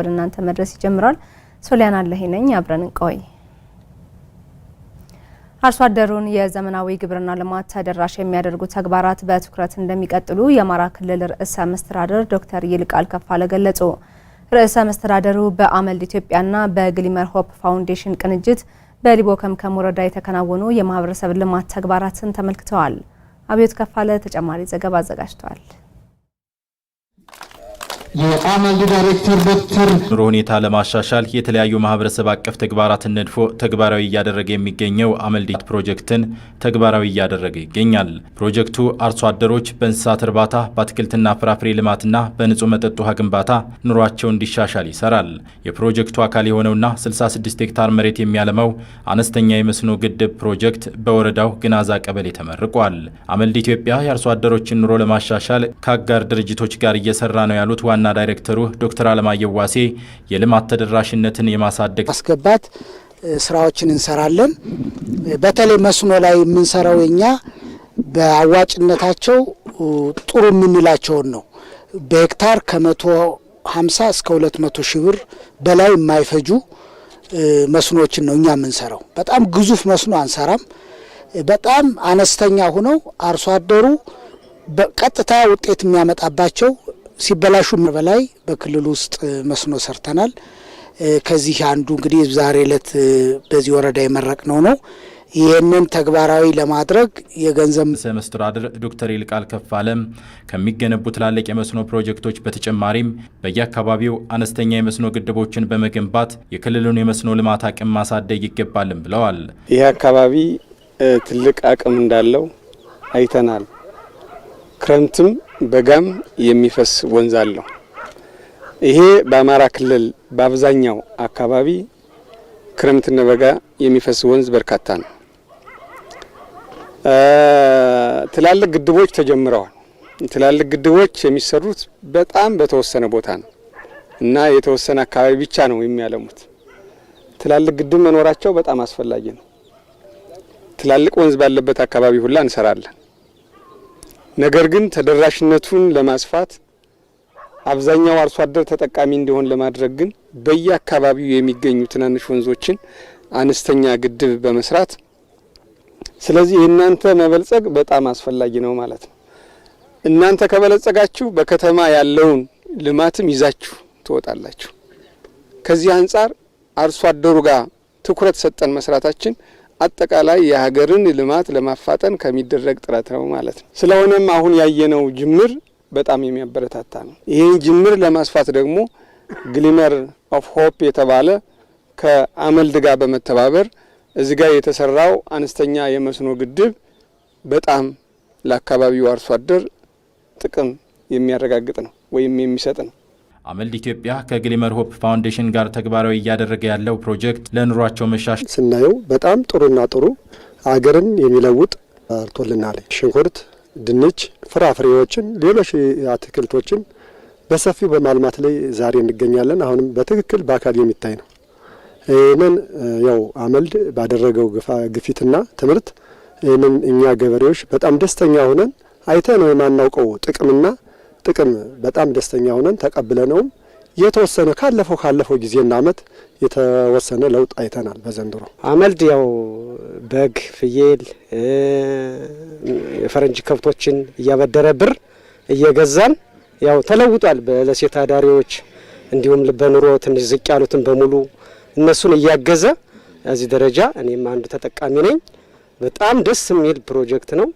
ወደ እናንተ መድረስ ይጀምራል። ሶሊያን አለሄ ነኝ። አብረን እንቆይ። አርሶ አደሩን የዘመናዊ ግብርና ልማት ተደራሽ የሚያደርጉ ተግባራት በትኩረት እንደሚቀጥሉ የአማራ ክልል ርዕሰ መስተዳደር ዶክተር ይልቃል ከፋለ ገለጹ። ርዕሰ መስተዳደሩ በአመልድ ኢትዮጵያና በግሊመር ሆፕ ፋውንዴሽን ቅንጅት በሊቦ ከምከም ወረዳ የተከናወኑ የማህበረሰብ ልማት ተግባራትን ተመልክተዋል። አብዮት ከፋለ ተጨማሪ ዘገባ አዘጋጅቷል። የጣማልዱ ዳይሬክተር ዶክተር ኑሮ ሁኔታ ለማሻሻል የተለያዩ ማህበረሰብ አቀፍ ተግባራትን ነድፎ ተግባራዊ እያደረገ የሚገኘው አመልዲት ፕሮጀክትን ተግባራዊ እያደረገ ይገኛል። ፕሮጀክቱ አርሶ አደሮች በእንስሳት እርባታ፣ በአትክልትና ፍራፍሬ ልማትና በንጹህ መጠጥ ውሃ ግንባታ ኑሯቸው እንዲሻሻል ይሰራል። የፕሮጀክቱ አካል የሆነውና 66 ሄክታር መሬት የሚያለማው አነስተኛ የመስኖ ግድብ ፕሮጀክት በወረዳው ግናዛ ቀበሌ ተመርቋል። አመልድ ኢትዮጵያ የአርሶ አደሮችን ኑሮ ለማሻሻል ከአጋር ድርጅቶች ጋር እየሰራ ነው ያሉት ዋና ዋና ዳይሬክተሩ ዶክተር አለማየሁ ዋሴ የልማት ተደራሽነትን የማሳደግ ማስገባት ስራዎችን እንሰራለን። በተለይ መስኖ ላይ የምንሰራው የኛ በአዋጭነታቸው ጥሩ የምንላቸውን ነው። በሄክታር ከመቶ ሀምሳ እስከ ሁለት መቶ ሺህ ብር በላይ የማይፈጁ መስኖዎችን ነው እኛ የምንሰራው። በጣም ግዙፍ መስኖ አንሰራም። በጣም አነስተኛ ሆነው አርሶ አደሩ በቀጥታ ውጤት የሚያመጣባቸው ሲበላሹ በላይ በክልል ውስጥ መስኖ ሰርተናል። ከዚህ አንዱ እንግዲህ ዛሬ ዕለት በዚህ ወረዳ የመረቅነው ነው። ይህንን ተግባራዊ ለማድረግ የገንዘብ ርዕሰ መስተዳድር ዶክተር ይልቃል ከፋለም ከሚገነቡ ትላልቅ የመስኖ ፕሮጀክቶች በተጨማሪም በየአካባቢው አነስተኛ የመስኖ ግድቦችን በመገንባት የክልሉን የመስኖ ልማት አቅም ማሳደግ ይገባልም ብለዋል። ይህ አካባቢ ትልቅ አቅም እንዳለው አይተናል። ክረምትም በጋም የሚፈስ ወንዝ አለው። ይሄ በአማራ ክልል በአብዛኛው አካባቢ ክረምትና በጋ የሚፈስ ወንዝ በርካታ ነው። ትላልቅ ግድቦች ተጀምረዋል። ትላልቅ ግድቦች የሚሰሩት በጣም በተወሰነ ቦታ ነው እና የተወሰነ አካባቢ ብቻ ነው የሚያለሙት። ትላልቅ ግድብ መኖራቸው በጣም አስፈላጊ ነው። ትላልቅ ወንዝ ባለበት አካባቢ ሁላ እንሰራለን። ነገር ግን ተደራሽነቱን ለማስፋት አብዛኛው አርሶ አደር ተጠቃሚ እንዲሆን ለማድረግ ግን በየአካባቢው የሚገኙ ትናንሽ ወንዞችን አነስተኛ ግድብ በመስራት ስለዚህ የእናንተ መበልጸግ በጣም አስፈላጊ ነው ማለት ነው። እናንተ ከበለጸጋችሁ በከተማ ያለውን ልማትም ይዛችሁ ትወጣላችሁ። ከዚህ አንጻር አርሶ አደሩ ጋር ትኩረት ሰጠን መስራታችን አጠቃላይ የሀገርን ልማት ለማፋጠን ከሚደረግ ጥረት ነው ማለት ነው። ስለሆነም አሁን ያየነው ጅምር በጣም የሚያበረታታ ነው። ይህን ጅምር ለማስፋት ደግሞ ግሊመር ኦፍ ሆፕ የተባለ ከአመልድ ጋር በመተባበር እዚ ጋር የተሰራው አነስተኛ የመስኖ ግድብ በጣም ለአካባቢው አርሶ አደር ጥቅም የሚያረጋግጥ ነው ወይም የሚሰጥ ነው። አመልድ ኢትዮጵያ ከግሊመር ሆፕ ፋውንዴሽን ጋር ተግባራዊ እያደረገ ያለው ፕሮጀክት ለኑሯቸው መሻሽ ስናየው በጣም ጥሩና ጥሩ አገርን የሚለውጥ አርቶልናል። ሽንኩርት፣ ድንች፣ ፍራፍሬዎችን፣ ሌሎች አትክልቶችን በሰፊው በማልማት ላይ ዛሬ እንገኛለን። አሁንም በትክክል በአካል የሚታይ ነው። ይህንን ያው አመልድ ባደረገው ግፊትና ትምህርት ይህንን እኛ ገበሬዎች በጣም ደስተኛ ሆነን አይተ ነው የማናውቀው ጥቅምና ጥቅም በጣም ደስተኛ ሆነን ተቀብለነውም የተወሰነ ካለፈው ካለፈው ጊዜና ዓመት የተወሰነ ለውጥ አይተናል። በዘንድሮ አመልድ ያው በግ፣ ፍየል፣ የፈረንጅ ከብቶችን እያበደረ ብር እየገዛን ያው ተለውጧል። ለሴት አዳሪዎች እንዲሁም በኑሮ ትንሽ ዝቅ ያሉትን በሙሉ እነሱን እያገዘ እዚህ ደረጃ እኔም አንዱ ተጠቃሚ ነኝ። በጣም ደስ የሚል ፕሮጀክት ነው።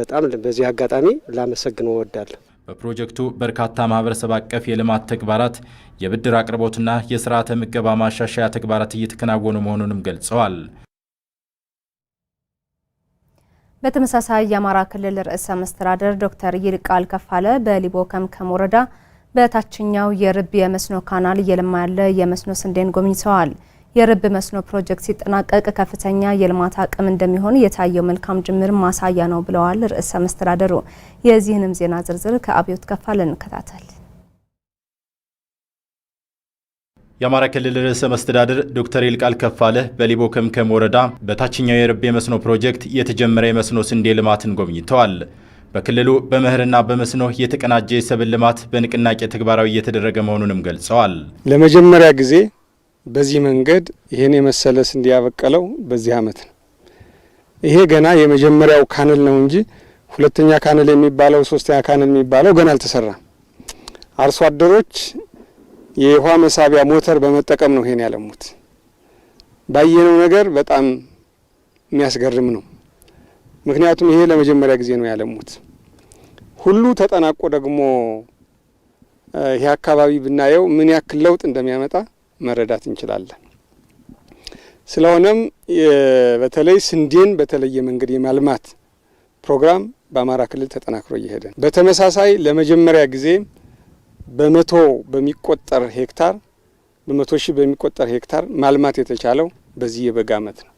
በጣም በዚህ አጋጣሚ ላመሰግነው እወዳለሁ። በፕሮጀክቱ በርካታ ማህበረሰብ አቀፍ የልማት ተግባራት፣ የብድር አቅርቦትና የስርዓተ ምገባ ማሻሻያ ተግባራት እየተከናወኑ መሆኑንም ገልጸዋል። በተመሳሳይ የአማራ ክልል ርዕሰ መስተዳደር ዶክተር ይልቃል ከፋለ በሊቦ ከምከም ወረዳ በታችኛው የርብ የመስኖ ካናል እየለማ ያለ የመስኖ ስንዴን ጎብኝተዋል። የርብ መስኖ ፕሮጀክት ሲጠናቀቅ ከፍተኛ የልማት አቅም እንደሚሆን የታየው መልካም ጅምር ማሳያ ነው ብለዋል ርዕሰ መስተዳደሩ። የዚህንም ዜና ዝርዝር ከአብዮት ከፋለ እንከታተል። የአማራ ክልል ርዕሰ መስተዳድር ዶክተር ይልቃል ከፋለ በሊቦ ከምከም ወረዳ በታችኛው የርብ የመስኖ ፕሮጀክት የተጀመረ የመስኖ ስንዴ ልማትን ጎብኝተዋል። በክልሉ በመኸርና በመስኖ የተቀናጀ የሰብል ልማት በንቅናቄ ተግባራዊ እየተደረገ መሆኑንም ገልጸዋል። ለመጀመሪያ ጊዜ በዚህ መንገድ ይህን የመሰለ ስንዴ ያበቀለው በዚህ አመት ነው። ይሄ ገና የመጀመሪያው ካንል ነው እንጂ ሁለተኛ ካንል የሚባለው ሶስተኛ ካንል የሚባለው ገና አልተሰራም። አርሶ አደሮች የውሃ መሳቢያ ሞተር በመጠቀም ነው ይሄን ያለሙት። ባየነው ነገር በጣም የሚያስገርም ነው። ምክንያቱም ይሄ ለመጀመሪያ ጊዜ ነው ያለሙት። ሁሉ ተጠናቆ ደግሞ ይሄ አካባቢ ብናየው ምን ያክል ለውጥ እንደሚያመጣ መረዳት እንችላለን። ስለሆነም በተለይ ስንዴን በተለየ መንገድ የማልማት ፕሮግራም በአማራ ክልል ተጠናክሮ እየሄደ ነው። በተመሳሳይ ለመጀመሪያ ጊዜ በመቶ በሚቆጠር ሄክታር በመቶ ሺህ በሚቆጠር ሄክታር ማልማት የተቻለው በዚህ የበጋ ዓመት ነው።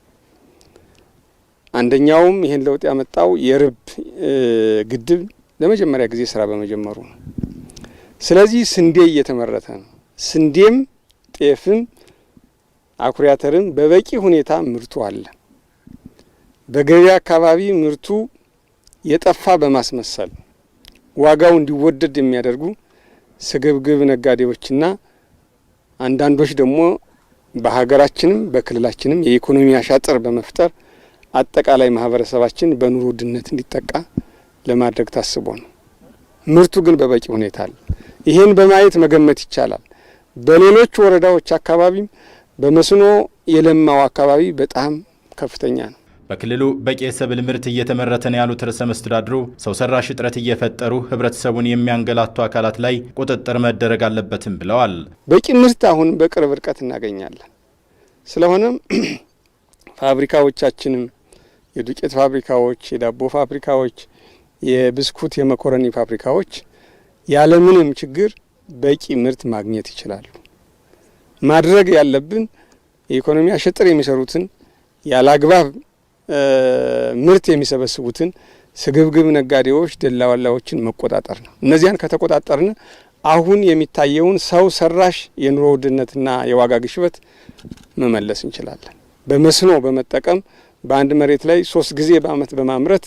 አንደኛውም ይህን ለውጥ ያመጣው የርብ ግድብ ለመጀመሪያ ጊዜ ስራ በመጀመሩ ነው። ስለዚህ ስንዴ እየተመረተ ነው። ስንዴም ጤፍም አኩሪ አተርም በበቂ ሁኔታ ምርቱ አለ። በገበያ አካባቢ ምርቱ የጠፋ በማስመሰል ዋጋው እንዲወደድ የሚያደርጉ ስግብግብ ነጋዴዎችና አንዳንዶች ደግሞ በሀገራችንም በክልላችንም የኢኮኖሚ አሻጥር በመፍጠር አጠቃላይ ማህበረሰባችን በኑሮ ውድነት እንዲጠቃ ለማድረግ ታስቦ ነው። ምርቱ ግን በበቂ ሁኔታ አለ። ይህን በማየት መገመት ይቻላል። በሌሎች ወረዳዎች አካባቢም በመስኖ የለማው አካባቢ በጣም ከፍተኛ ነው። በክልሉ በቂ የሰብል ምርት እየተመረተ ነው ያሉት ርዕሰ መስተዳድሩ ሰው ሰራሽ እጥረት እየፈጠሩ ህብረተሰቡን የሚያንገላቱ አካላት ላይ ቁጥጥር መደረግ አለበትም ብለዋል። በቂ ምርት አሁን በቅርብ ርቀት እናገኛለን። ስለሆነም ፋብሪካዎቻችንም የዱቄት ፋብሪካዎች፣ የዳቦ ፋብሪካዎች፣ የብስኩት፣ የመኮረኒ ፋብሪካዎች ያለምንም ችግር በቂ ምርት ማግኘት ይችላሉ። ማድረግ ያለብን የኢኮኖሚ አሸጥር የሚሰሩትን ያለ አግባብ ምርት የሚሰበስቡትን ስግብግብ ነጋዴዎች፣ ደላዋላዎችን መቆጣጠር ነው። እነዚያን ከተቆጣጠርን አሁን የሚታየውን ሰው ሰራሽ የኑሮ ውድነትና የዋጋ ግሽበት መመለስ እንችላለን። በመስኖ በመጠቀም በአንድ መሬት ላይ ሶስት ጊዜ በአመት በማምረት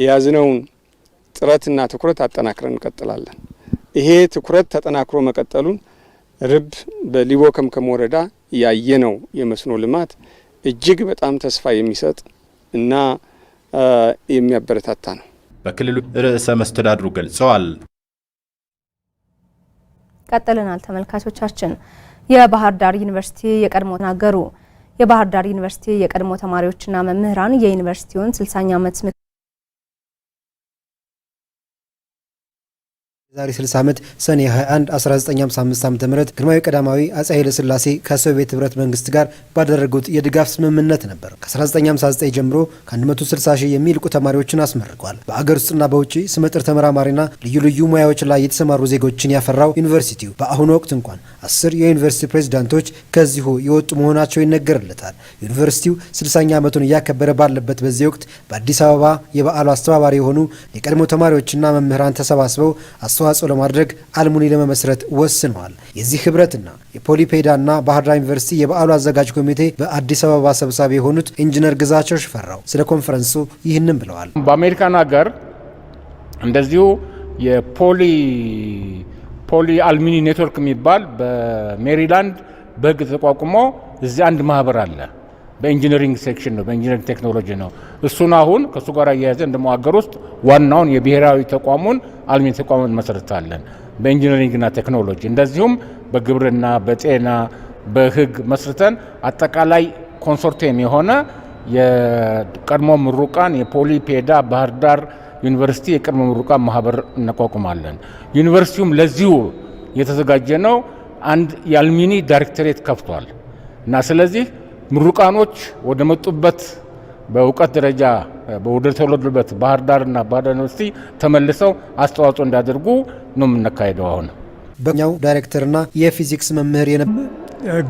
የያዝነውን ጥረትና ትኩረት አጠናክረን እንቀጥላለን። ይሄ ትኩረት ተጠናክሮ መቀጠሉን ርብ በሊቦ ከምከም ወረዳ ያየነው የመስኖ ልማት እጅግ በጣም ተስፋ የሚሰጥ እና የሚያበረታታ ነው በክልሉ ርዕሰ መስተዳድሩ ገልጸዋል። ቀጥለናል ተመልካቾቻችን። የባህር ዳር ዩኒቨርሲቲ የቀድሞ ተናገሩ የባህር ዳር ዩኒቨርሲቲ የቀድሞ ተማሪዎችና መምህራን የዩኒቨርሲቲውን 60ኛ ዓመት ዛሬ 60 ዓመት ሰኔ 21 1955 ዓ.ም ግርማዊ ቀዳማዊ አጼ ኃይለ ሥላሴ ከሶቪየት ህብረት መንግስት ጋር ባደረጉት የድጋፍ ስምምነት ነበር። ከ1959 ጀምሮ ከ160 ሺህ የሚልቁ ተማሪዎችን አስመርቋል። በአገር ውስጥና በውጭ ስመጥር ተመራማሪና ልዩ ልዩ ሙያዎች ላይ የተሰማሩ ዜጎችን ያፈራው ዩኒቨርሲቲው በአሁኑ ወቅት እንኳን አስር የዩኒቨርሲቲ ፕሬዚዳንቶች ከዚሁ የወጡ መሆናቸው ይነገርለታል። ዩኒቨርሲቲው 60ኛ ዓመቱን እያከበረ ባለበት በዚህ ወቅት በአዲስ አበባ የበዓሉ አስተባባሪ የሆኑ የቀድሞ ተማሪዎችና መምህራን ተሰባስበው አስተዋጽኦ ለማድረግ አልሙኒ ለመመስረት ወስነዋል። የዚህ ህብረትና የፖሊፔዳና ባህር ዳር ዩኒቨርሲቲ የበዓሉ አዘጋጅ ኮሚቴ በአዲስ አበባ ሰብሳቢ የሆኑት ኢንጂነር ግዛቸው ሽፈራው ስለ ኮንፈረንሱ ይህንን ብለዋል። በአሜሪካን ሀገር እንደዚሁ የፖሊ ፖሊ አልሚኒ ኔትወርክ የሚባል በሜሪላንድ በህግ ተቋቁሞ እዚህ አንድ ማህበር አለ። በኢንጂነሪንግ ሴክሽን ነው፣ በኢንጂነሪንግ ቴክኖሎጂ ነው። እሱን አሁን ከእሱ ጋር እያያዘን ደግሞ ሀገር ውስጥ ዋናውን የብሔራዊ ተቋሙን አልሚ ተቋሙን እንመሰርታለን በኢንጂነሪንግና ቴክኖሎጂ እንደዚሁም በግብርና፣ በጤና፣ በህግ መስርተን አጠቃላይ ኮንሶርቲየም የሆነ የቀድሞ ምሩቃን የፖሊ ፔዳ ባህር ዳር ዩኒቨርሲቲ የቀድሞ ምሩቃን ማህበር እናቋቁማለን። ዩኒቨርሲቲውም ለዚሁ የተዘጋጀ ነው። አንድ የአልሚኒ ዳይሬክተሬት ከፍቷል እና ስለዚህ ምሩቃኖች ወደ መጡበት በእውቀት ደረጃ ወደ ተወለዱበት ባህር ዳርና ባህር ዳር ዩኒቨርሲቲ ተመልሰው አስተዋጽኦ እንዲያደርጉ ነው የምናካሄደው። አሁን በኛው ዳይሬክተርና የፊዚክስ መምህር የነ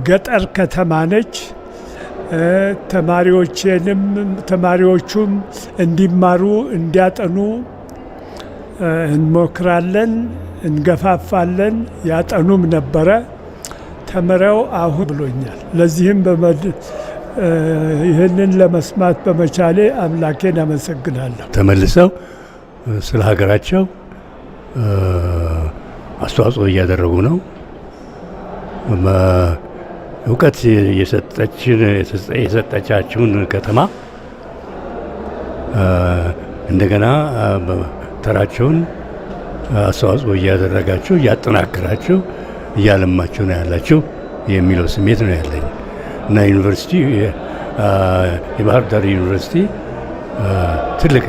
ገጠር ከተማ ነች። ተማሪዎቼንም ተማሪዎቹም እንዲማሩ እንዲያጠኑ እንሞክራለን፣ እንገፋፋለን። ያጠኑም ነበረ። መጀመሪያው አሁን ብሎኛል። ለዚህም ይህንን ለመስማት በመቻሌ አምላኬን አመሰግናለሁ። ተመልሰው ስለ ሀገራቸው አስተዋጽኦ እያደረጉ ነው። እውቀት የሰጠቻችሁን ከተማ እንደገና ተራቸውን አስተዋጽኦ እያደረጋችሁ እያጠናክራችሁ እያለማችሁ ነው ያላችሁ የሚለው ስሜት ነው ያለኝ እና ዩኒቨርሲቲ የባህር ዳር ዩኒቨርሲቲ ትልቅ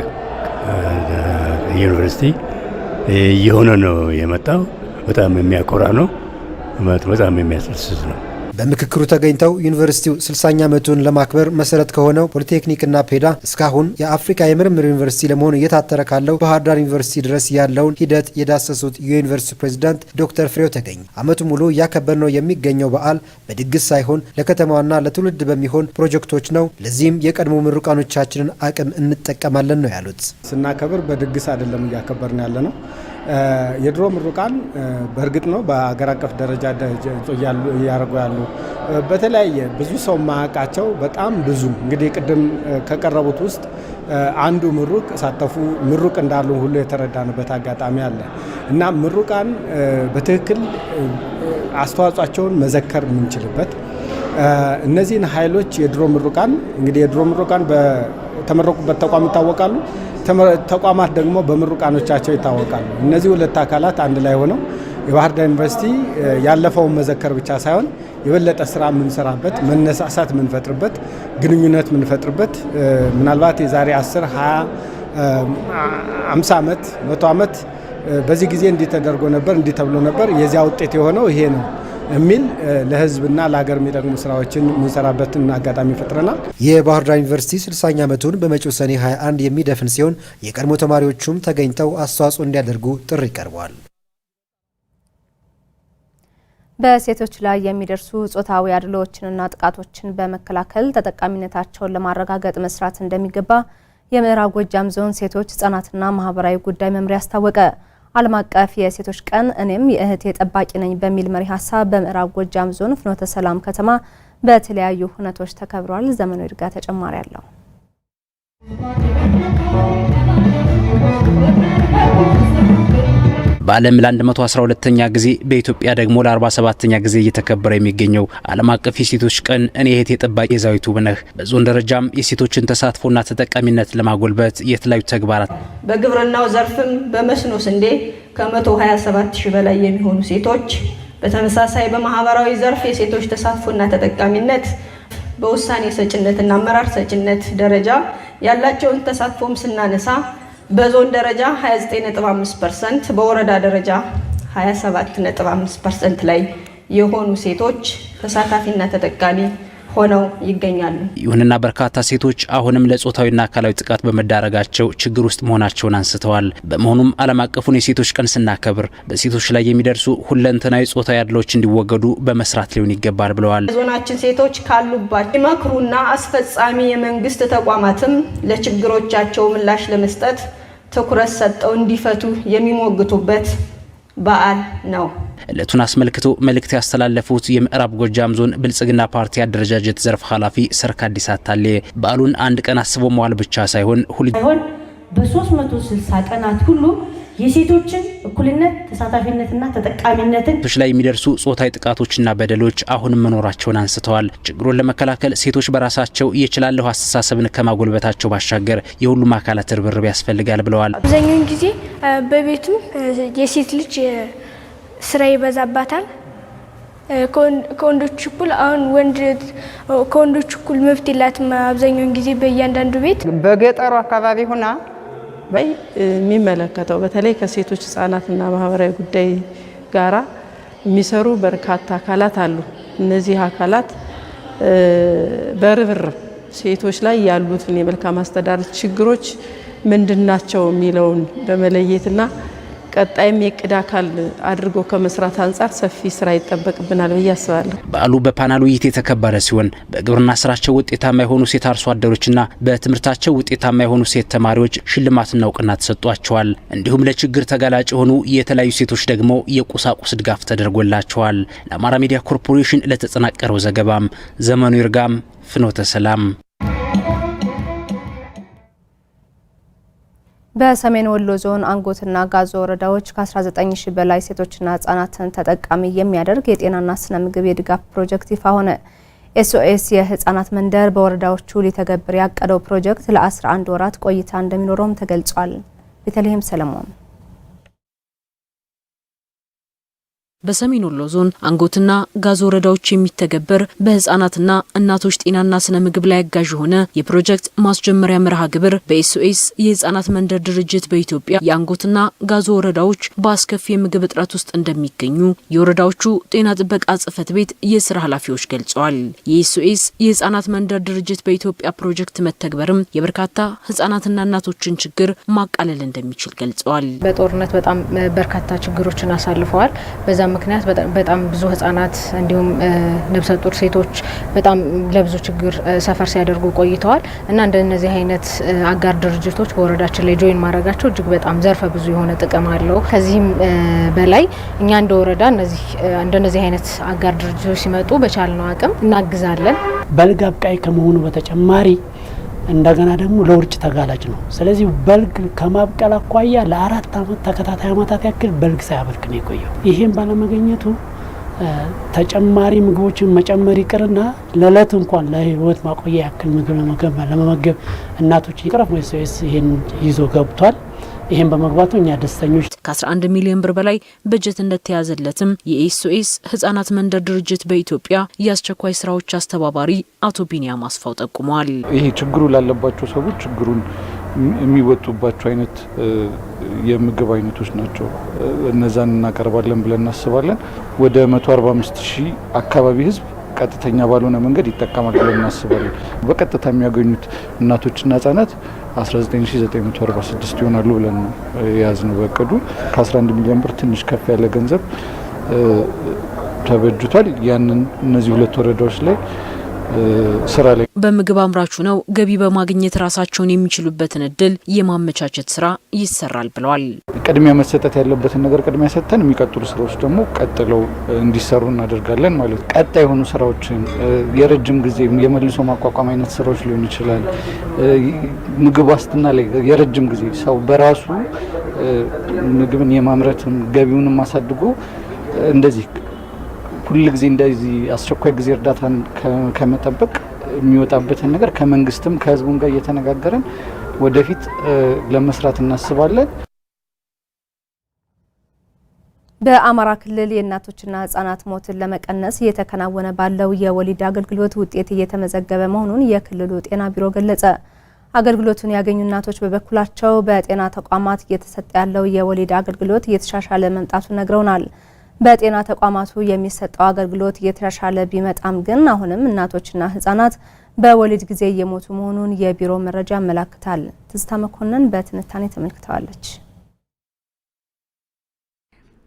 ዩኒቨርሲቲ እየሆነ ነው የመጣው። በጣም የሚያኮራ ነው። በጣም የሚያስደስት ነው። በምክክሩ ተገኝተው ዩኒቨርሲቲው ስልሳኛ ዓመቱን ለማክበር መሰረት ከሆነው ፖሊቴክኒክና ፔዳ እስካሁን የአፍሪካ የምርምር ዩኒቨርሲቲ ለመሆን እየታተረ ካለው ባህር ዳር ዩኒቨርሲቲ ድረስ ያለውን ሂደት የዳሰሱት የዩኒቨርሲቲው ፕሬዚዳንት ዶክተር ፍሬው ተገኝ ዓመቱ ሙሉ እያከበር ነው የሚገኘው በዓል በድግስ ሳይሆን ለከተማዋና ለትውልድ በሚሆን ፕሮጀክቶች ነው። ለዚህም የቀድሞ ምሩቃኖቻችንን አቅም እንጠቀማለን ነው ያሉት። ስናከብር በድግስ አይደለም እያከበርን ያለ ነው። የድሮ ምሩቃን በእርግጥ ነው በሀገር አቀፍ ደረጃ እያደረጉ ያሉ በተለያየ ብዙ ሰው ማያውቃቸው በጣም ብዙ እንግዲህ ቅድም ከቀረቡት ውስጥ አንዱ ምሩቅ ሳተፉ ምሩቅ እንዳሉ ሁሉ የተረዳንበት አጋጣሚ አለ እና ምሩቃን በትክክል አስተዋጽኦቸውን መዘከር የምንችልበት እነዚህን ኃይሎች የድሮ ምሩቃን እንግዲህ የድሮ ምሩቃን የተመረቁበት ተቋም ይታወቃሉ። ተቋማት ደግሞ በምሩቃኖቻቸው ይታወቃሉ። እነዚህ ሁለት አካላት አንድ ላይ ሆነው የባህር ዳር ዩኒቨርሲቲ ያለፈውን መዘከር ብቻ ሳይሆን የበለጠ ስራ የምንሰራበት መነሳሳት የምንፈጥርበት ግንኙነት የምንፈጥርበት ምናልባት የዛሬ 10 20 50 ዓመት መቶ ዓመት በዚህ ጊዜ እንዲህ ተደርጎ ነበር እንዲህ ተብሎ ነበር የዚያ ውጤት የሆነው ይሄ ነው። የሚል ለህዝብና ለሀገር የሚጠቅሙ ስራዎችን የምንሰራበትን አጋጣሚ ፈጥረናል። የባህር ዳር ዩኒቨርሲቲ ስ0ኛ ዓመቱን በመጪው ሰኔ 21 የሚደፍን ሲሆን የቀድሞ ተማሪዎቹም ተገኝተው አስተዋጽኦ እንዲያደርጉ ጥሪ ቀርቧል። በሴቶች ላይ የሚደርሱ ጾታዊ አድሎዎችንና ጥቃቶችን በመከላከል ተጠቃሚነታቸውን ለማረጋገጥ መስራት እንደሚገባ የምዕራብ ጎጃም ዞን ሴቶች ህጻናትና ማህበራዊ ጉዳይ መምሪያ አስታወቀ። ዓለም አቀፍ የሴቶች ቀን እኔም የእህቴ ጠባቂ ነኝ በሚል መሪ ሀሳብ በምዕራብ ጎጃም ዞን ፍኖተ ሰላም ከተማ በተለያዩ ሁነቶች ተከብሯል። ዘመኑ ይርጋ ተጨማሪ አለው። በዓለም ለ112ኛ ጊዜ በኢትዮጵያ ደግሞ ለ47ኛ ጊዜ እየተከበረ የሚገኘው ዓለም አቀፍ የሴቶች ቀን እኔ እህቴ ጠባቂ የዛዊቱ ብነህ በዞን ደረጃም የሴቶችን ተሳትፎና ተጠቃሚነት ለማጎልበት የተለያዩ ተግባራት በግብርናው ዘርፍም በመስኖ ስንዴ ከ127 ሺህ በላይ የሚሆኑ ሴቶች በተመሳሳይ በማህበራዊ ዘርፍ የሴቶች ተሳትፎና ተጠቃሚነት በውሳኔ ሰጭነትና አመራር ሰጭነት ደረጃ ያላቸውን ተሳትፎም ስናነሳ በዞን ደረጃ 29.5%፣ በወረዳ ደረጃ 27.5% ላይ የሆኑ ሴቶች ተሳታፊና ተጠቃሚ ሆነው ይገኛሉ። ይሁንና በርካታ ሴቶች አሁንም ለጾታዊና አካላዊ ጥቃት በመዳረጋቸው ችግር ውስጥ መሆናቸውን አንስተዋል። በመሆኑም ዓለም አቀፉን የሴቶች ቀን ስናከብር በሴቶች ላይ የሚደርሱ ሁለንተናዊ ጾታዊ አድሎች እንዲወገዱ በመስራት ሊሆን ይገባል ብለዋል። ዞናችን ሴቶች ካሉባቸው የመክሩና አስፈጻሚ የመንግስት ተቋማትም ለችግሮቻቸው ምላሽ ለመስጠት ትኩረት ሰጠው እንዲፈቱ የሚሞግቱበት በዓል ነው። እለቱን አስመልክቶ መልእክት ያስተላለፉት የምዕራብ ጎጃም ዞን ብልጽግና ፓርቲ አደረጃጀት ዘርፍ ኃላፊ ሰርካዲስ አዲስ አታሌ በዓሉን አንድ ቀን አስቦ መዋል ብቻ ሳይሆን ሁል በ360 ቀናት ሁሉ የሴቶችን እኩልነት ተሳታፊነትና ተጠቃሚነትን ቶች ላይ የሚደርሱ ጾታዊ ጥቃቶችና በደሎች አሁንም መኖራቸውን አንስተዋል። ችግሩን ለመከላከል ሴቶች በራሳቸው የችላለሁ አስተሳሰብን ከማጎልበታቸው ባሻገር የሁሉም አካላት ርብርብ ያስፈልጋል ብለዋል። አብዛኛውን ጊዜ በቤቱ የሴት ልጅ ስራ ይበዛባታል። ከወንዶች እኩል አሁን ወንድ ከወንዶች እኩል መብት የላትም። አብዛኛውን ጊዜ በእያንዳንዱ ቤት በገጠሩ አካባቢ ሆና በይ የሚመለከተው በተለይ ከሴቶች ህጻናትና ማህበራዊ ጉዳይ ጋራ የሚሰሩ በርካታ አካላት አሉ። እነዚህ አካላት በርብርብ ሴቶች ላይ ያሉትን የመልካም አስተዳደር ችግሮች ምንድናቸው የሚለውን በመለየትና ቀጣይም የቅድ አካል አድርጎ ከመስራት አንጻር ሰፊ ስራ ይጠበቅብናል ብዬ አስባለሁ። በዓሉ በፓናል ውይይት የተከበረ ሲሆን በግብርና ስራቸው ውጤታማ የሆኑ ሴት አርሶ አደሮችና በትምህርታቸው ውጤታማ የሆኑ ሴት ተማሪዎች ሽልማትና እውቅና ተሰጧቸዋል። እንዲሁም ለችግር ተጋላጭ የሆኑ የተለያዩ ሴቶች ደግሞ የቁሳቁስ ድጋፍ ተደርጎላቸዋል። ለአማራ ሚዲያ ኮርፖሬሽን ለተጠናቀረው ዘገባም ዘመኑ ይርጋም፣ ፍኖተ ሰላም በሰሜን ወሎ ዞን አንጎትና ጋዞ ወረዳዎች ከ19 ሺህ በላይ ሴቶችና ህጻናትን ተጠቃሚ የሚያደርግ የጤናና ስነ ምግብ የድጋፍ ፕሮጀክት ይፋ ሆነ። ኤስኦኤስ የህጻናት መንደር በወረዳዎቹ ሊተገብር ያቀደው ፕሮጀክት ለ11 ወራት ቆይታ እንደሚኖረውም ተገልጿል። ቤተልሔም ሰለሞን በሰሜን ወሎ ዞን አንጎትና ጋዞ ወረዳዎች የሚተገበር በህፃናትና እናቶች ጤናና ስነ ምግብ ላይ አጋዥ የሆነ የፕሮጀክት ማስጀመሪያ መርሃ ግብር በኤስኦኤስ የህፃናት መንደር ድርጅት በኢትዮጵያ የአንጎትና ጋዞ ወረዳዎች በአስከፊ የምግብ እጥረት ውስጥ እንደሚገኙ የወረዳዎቹ ጤና ጥበቃ ጽህፈት ቤት የስራ ኃላፊዎች ገልጸዋል። የኤስኦኤስ የህፃናት መንደር ድርጅት በኢትዮጵያ ፕሮጀክት መተግበርም የበርካታ ህፃናትና እናቶችን ችግር ማቃለል እንደሚችል ገልጸዋል። በጦርነት በጣም በርካታ ችግሮችን አሳልፈዋል። ምክንያት በጣም ብዙ ህጻናት እንዲሁም ነብሰ ጡር ሴቶች በጣም ለብዙ ችግር ሰፈር ሲያደርጉ ቆይተዋል እና እንደነዚህ አይነት አጋር ድርጅቶች በወረዳችን ላይ ጆይን ማድረጋቸው እጅግ በጣም ዘርፈ ብዙ የሆነ ጥቅም አለው። ከዚህም በላይ እኛ እንደ ወረዳ እንደነዚህ አይነት አጋር ድርጅቶች ሲመጡ በቻልነው አቅም እናግዛለን። በልግ አብቃይ ከመሆኑ በተጨማሪ እንደገና ደግሞ ለውርጭ ተጋላጭ ነው። ስለዚህ በልግ ከማብቀል አኳያ ለአራት ዓመት ተከታታይ ዓመታት ያክል በልግ ሳያበልክ ነው የቆየው። ይሄም ባለመገኘቱ ተጨማሪ ምግቦችን መጨመር ይቅርና ለእለት እንኳን ለህይወት ማቆያ ያክል ምግብ ለመመገብ እናቶች ይቅረፍ ይህን ይዞ ገብቷል። ይህም በመግባቱ እኛ ደስተኞች። ከ11 ሚሊዮን ብር በላይ በጀት እንደተያዘለትም የኤስኦኤስ ህጻናት መንደር ድርጅት በኢትዮጵያ የአስቸኳይ ስራዎች አስተባባሪ አቶ ቢኒያም አስፋው ጠቁመዋል። ይሄ ችግሩ ላለባቸው ሰዎች ችግሩን የሚወጡባቸው አይነት የምግብ አይነቶች ናቸው። እነዛን እናቀርባለን ብለን እናስባለን። ወደ 145 ሺህ አካባቢ ህዝብ ቀጥተኛ ባልሆነ መንገድ ይጠቀማል ብለን እናስባለን። በቀጥታ የሚያገኙት እናቶችና ህጻናት 19946 ይሆናሉ ብለን ነው የያዝነው በእቅዱ። ከ11 ሚሊዮን ብር ትንሽ ከፍ ያለ ገንዘብ ተበጅቷል። ያንን እነዚህ ሁለት ወረዳዎች ላይ ስራ ላይ በምግብ አምራቹ ነው ገቢ በማግኘት ራሳቸውን የሚችሉበትን እድል የማመቻቸት ስራ ይሰራል ብለዋል። ቅድሚያ መሰጠት ያለበትን ነገር ቅድሚያ ሰጥተን የሚቀጥሉ ስራዎች ደግሞ ቀጥለው እንዲሰሩ እናደርጋለን ማለት ነው። የሆኑ ስራዎችን የረጅም ጊዜ የመልሶ ማቋቋም አይነት ስራዎች ሊሆን ይችላል። ምግብ ዋስትና ላይ የረጅም ጊዜ ሰው በራሱ ምግብን የማምረትን ገቢውንም አሳድጎ እንደዚህ ሁል ጊዜ እንደዚህ አስቸኳይ ጊዜ እርዳታን ከመጠበቅ የሚወጣበትን ነገር ከመንግስትም ከህዝቡም ጋር እየተነጋገረን ወደፊት ለመስራት እናስባለን። በአማራ ክልል የእናቶችና ህጻናት ሞትን ለመቀነስ እየተከናወነ ባለው የወሊድ አገልግሎት ውጤት እየተመዘገበ መሆኑን የክልሉ ጤና ቢሮ ገለጸ። አገልግሎቱን ያገኙ እናቶች በበኩላቸው በጤና ተቋማት እየተሰጠ ያለው የወሊድ አገልግሎት እየተሻሻለ መምጣቱ ነግረውናል። በጤና ተቋማቱ የሚሰጠው አገልግሎት እየተሻሻለ ቢመጣም ግን አሁንም እናቶችና ህጻናት በወሊድ ጊዜ እየሞቱ መሆኑን የቢሮ መረጃ ያመላክታል። ትዝታ መኮንን በትንታኔ ተመልክተዋለች።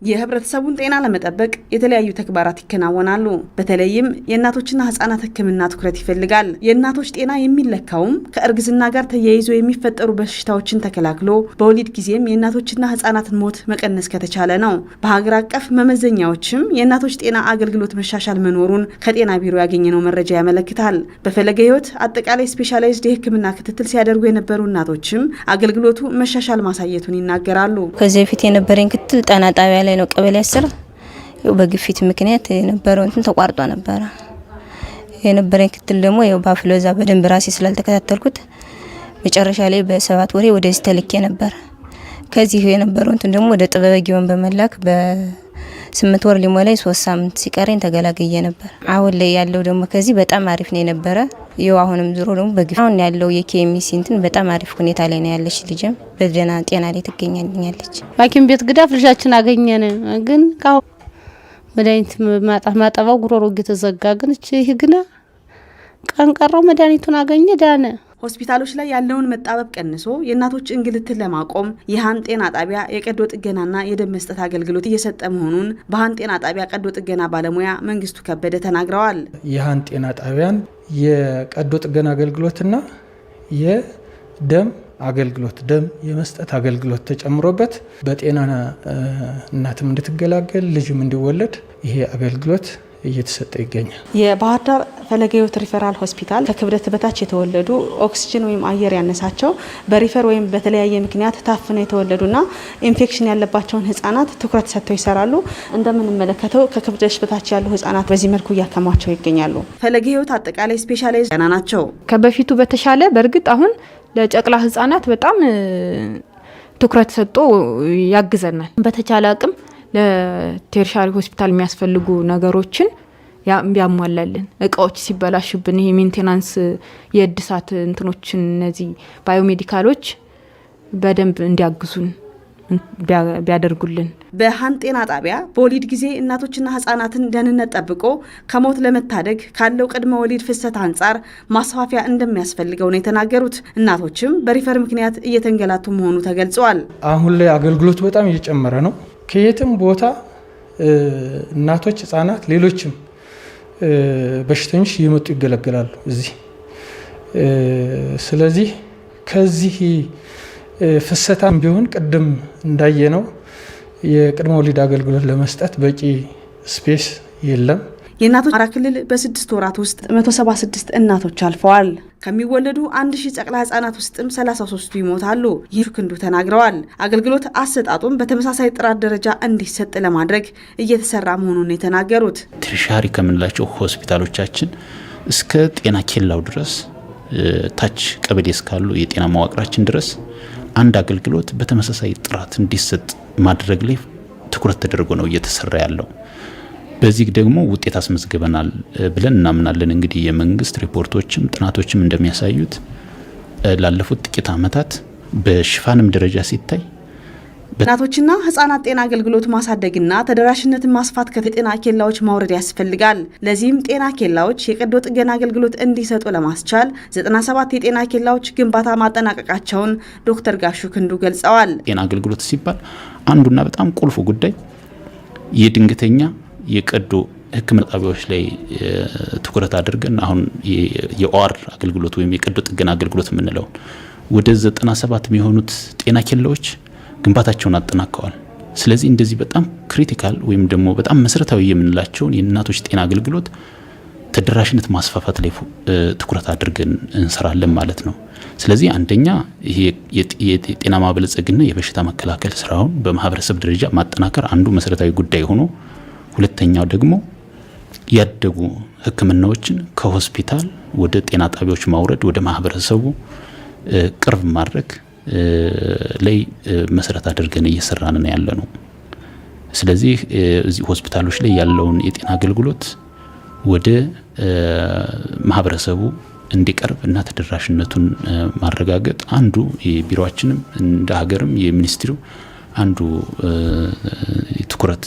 የህብረተሰቡን ጤና ለመጠበቅ የተለያዩ ተግባራት ይከናወናሉ። በተለይም የእናቶችና ህጻናት ህክምና ትኩረት ይፈልጋል። የእናቶች ጤና የሚለካውም ከእርግዝና ጋር ተያይዞ የሚፈጠሩ በሽታዎችን ተከላክሎ በወሊድ ጊዜም የእናቶችና ህጻናትን ሞት መቀነስ ከተቻለ ነው። በሀገር አቀፍ መመዘኛዎችም የእናቶች ጤና አገልግሎት መሻሻል መኖሩን ከጤና ቢሮ ያገኘነው መረጃ ያመለክታል። በፈለገ ህይወት አጠቃላይ ስፔሻላይዝድ የህክምና ክትትል ሲያደርጉ የነበሩ እናቶችም አገልግሎቱ መሻሻል ማሳየቱን ይናገራሉ። ከዚህ በፊት የነበረኝ ክትትል ጤና ጣቢያ ላይ ነው ቀበሌ አስር በግፊት ምክንያት የነበረው እንትን ተቋርጦ ነበረ። የነበረኝ ክትል ደግሞ ያው በአፍለዛ በደንብ ራሴ ስላልተከታተልኩት መጨረሻ ላይ በሰባት ወሬ ወደዚህ ተልኬ ነበር። ከዚህ የነበረው እንትን ደግሞ ወደ ጥበበ ጊዮን በመላክ ስምንት ወር ሊሞላኝ ሶስት ሳምንት ሲቀረኝ ተገላግዬ ነበር። አሁን ላይ ያለው ደግሞ ከዚህ በጣም አሪፍ ነው የነበረ ይው አሁንም ዙሮ ደግሞ በግ አሁን ያለው የኬሚሲ እንትን በጣም አሪፍ ሁኔታ ላይ ነው ያለች። ልጅም በደህና ጤና ላይ ትገኛልኛለች። ሐኪም ቤት ግዳፍ ልጃችን አገኘን። ግን ካሁ መድኃኒት ማጠባው ጉሮሮ እየተዘጋ ግን እቺ ህግና ቀን ቀረው መድኃኒቱን አገኘ ዳነ። ሆስፒታሎች ላይ ያለውን መጣበብ ቀንሶ የእናቶች እንግልትን ለማቆም የሀን ጤና ጣቢያ የቀዶ ጥገናና የደም መስጠት አገልግሎት እየሰጠ መሆኑን በሀን ጤና ጣቢያ ቀዶ ጥገና ባለሙያ መንግስቱ ከበደ ተናግረዋል። የሀን ጤና ጣቢያን የቀዶ ጥገና አገልግሎትና የደም አገልግሎት ደም የመስጠት አገልግሎት ተጨምሮበት በጤና እናትም እንድትገላገል ልጅም እንዲወለድ ይሄ አገልግሎት እየተሰጠ ይገኛል። የባህር ዳር ፈለገ ሕይወት ሪፈራል ሆስፒታል ከክብደት በታች የተወለዱ ኦክስጅን ወይም አየር ያነሳቸው በሪፈር ወይም በተለያየ ምክንያት ታፍነው የተወለዱና ኢንፌክሽን ያለባቸውን ህጻናት ትኩረት ሰጥተው ይሰራሉ። እንደምንመለከተው ከክብደት በታች ያሉ ህጻናት በዚህ መልኩ እያከማቸው ይገኛሉ። ፈለገ ሕይወት አጠቃላይ ስፔሻላይዝ ና ናቸው። ከበፊቱ በተሻለ በእርግጥ አሁን ለጨቅላ ህጻናት በጣም ትኩረት ሰጥቶ ያግዘናል። በተቻለ አቅም ለቴርሻሪ ሆስፒታል የሚያስፈልጉ ነገሮችን ያሟላልን። እቃዎች ሲበላሹብን ይሄ ሜንቴናንስ የእድሳት እንትኖችን እነዚህ ባዮሜዲካሎች በደንብ እንዲያግዙን ቢያደርጉልን በሀን ጤና ጣቢያ በወሊድ ጊዜ እናቶችና ህጻናትን ደህንነት ጠብቆ ከሞት ለመታደግ ካለው ቅድመ ወሊድ ፍሰት አንጻር ማስፋፊያ እንደሚያስፈልገው ነው የተናገሩት። እናቶችም በሪፈር ምክንያት እየተንገላቱ መሆኑ ተገልጸዋል። አሁን ላይ አገልግሎቱ በጣም እየጨመረ ነው። ከየትም ቦታ እናቶች፣ ህጻናት፣ ሌሎችም በሽተኞች እየመጡ ይገለገላሉ እዚህ። ስለዚህ ከዚህ ፍሰታም ቢሆን ቅድም እንዳየነው የቅድመ ወሊድ አገልግሎት ለመስጠት በቂ ስፔስ የለም። የእናቶች አማራ ክልል በስድስት ወራት ውስጥ 176 እናቶች አልፈዋል። ከሚወለዱ 1000 ጨቅላ ህጻናት ውስጥም 33ቱ ይሞታሉ። ይህ ክንዱ ተናግረዋል። አገልግሎት አሰጣጡም በተመሳሳይ ጥራት ደረጃ እንዲሰጥ ለማድረግ እየተሰራ መሆኑን የተናገሩት ትሪሻሪ ከምንላቸው ሆስፒታሎቻችን እስከ ጤና ኬላው ድረስ ታች ቀበሌ እስካሉ የጤና መዋቅራችን ድረስ አንድ አገልግሎት በተመሳሳይ ጥራት እንዲሰጥ ማድረግ ላይ ትኩረት ተደርጎ ነው እየተሰራ ያለው። በዚህ ደግሞ ውጤት አስመዝግበናል ብለን እናምናለን። እንግዲህ የመንግስት ሪፖርቶችም ጥናቶችም እንደሚያሳዩት ላለፉት ጥቂት ዓመታት በሽፋንም ደረጃ ሲታይ እናቶችና ህጻናት ጤና አገልግሎት ማሳደግና ተደራሽነትን ማስፋት ከጤና ኬላዎች ማውረድ ያስፈልጋል። ለዚህም ጤና ኬላዎች የቀዶ ጥገና አገልግሎት እንዲሰጡ ለማስቻል 97 የጤና ኬላዎች ግንባታ ማጠናቀቃቸውን ዶክተር ጋሹ ክንዱ ገልጸዋል። ጤና አገልግሎት ሲባል አንዱና በጣም ቁልፉ ጉዳይ የድንገተኛ የቀዶ ሕክምና ጣቢያዎች ላይ ትኩረት አድርገን አሁን የኦር አገልግሎት ወይም የቀዶ ጥገና አገልግሎት የምንለው ወደ ዘጠና ሰባት የሚሆኑት ጤና ኬላዎች ግንባታቸውን አጠናቀዋል። ስለዚህ እንደዚህ በጣም ክሪቲካል ወይም ደግሞ በጣም መሰረታዊ የምንላቸውን የእናቶች ጤና አገልግሎት ተደራሽነት ማስፋፋት ላይ ትኩረት አድርገን እንሰራለን ማለት ነው። ስለዚህ አንደኛ ይሄ የጤና ማበለጸግና የበሽታ መከላከል ስራውን በማህበረሰብ ደረጃ ማጠናከር አንዱ መሰረታዊ ጉዳይ ሆኖ ሁለተኛው ደግሞ ያደጉ ህክምናዎችን ከሆስፒታል ወደ ጤና ጣቢያዎች ማውረድ ወደ ማህበረሰቡ ቅርብ ማድረግ ላይ መሰረት አድርገን እየሰራን ያለ ነው። ስለዚህ እዚህ ሆስፒታሎች ላይ ያለውን የጤና አገልግሎት ወደ ማህበረሰቡ እንዲቀርብ እና ተደራሽነቱን ማረጋገጥ አንዱ የቢሮችንም እንደ ሀገርም የሚኒስትሪው አንዱ ትኩረት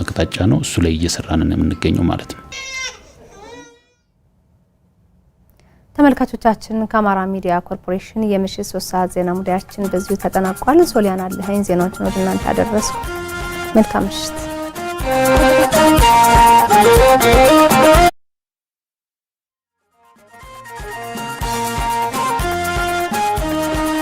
አቅጣጫ ነው። እሱ ላይ እየሰራን ነው የምንገኘው ማለት ነው። ተመልካቾቻችን ከአማራ ሚዲያ ኮርፖሬሽን የምሽት ሶስት ሰዓት ዜና ሙዳያችን በዚሁ ተጠናቋል። ሶሊያን አለኸኝ ዜናዎችን ወደ እናንተ አደረስኩ። መልካም ምሽት